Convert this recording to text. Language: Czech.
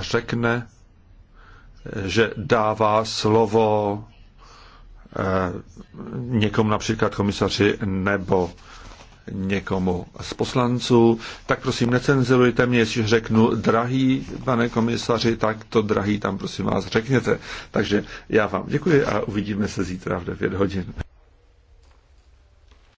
řekne, že dává slovo eh, někomu například komisaři nebo někomu z poslanců, tak prosím necenzurujte mě, jestli řeknu drahý pane komisaři, tak to drahý tam prosím vás řekněte. Takže já vám děkuji a uvidíme se zítra v 9 hodin.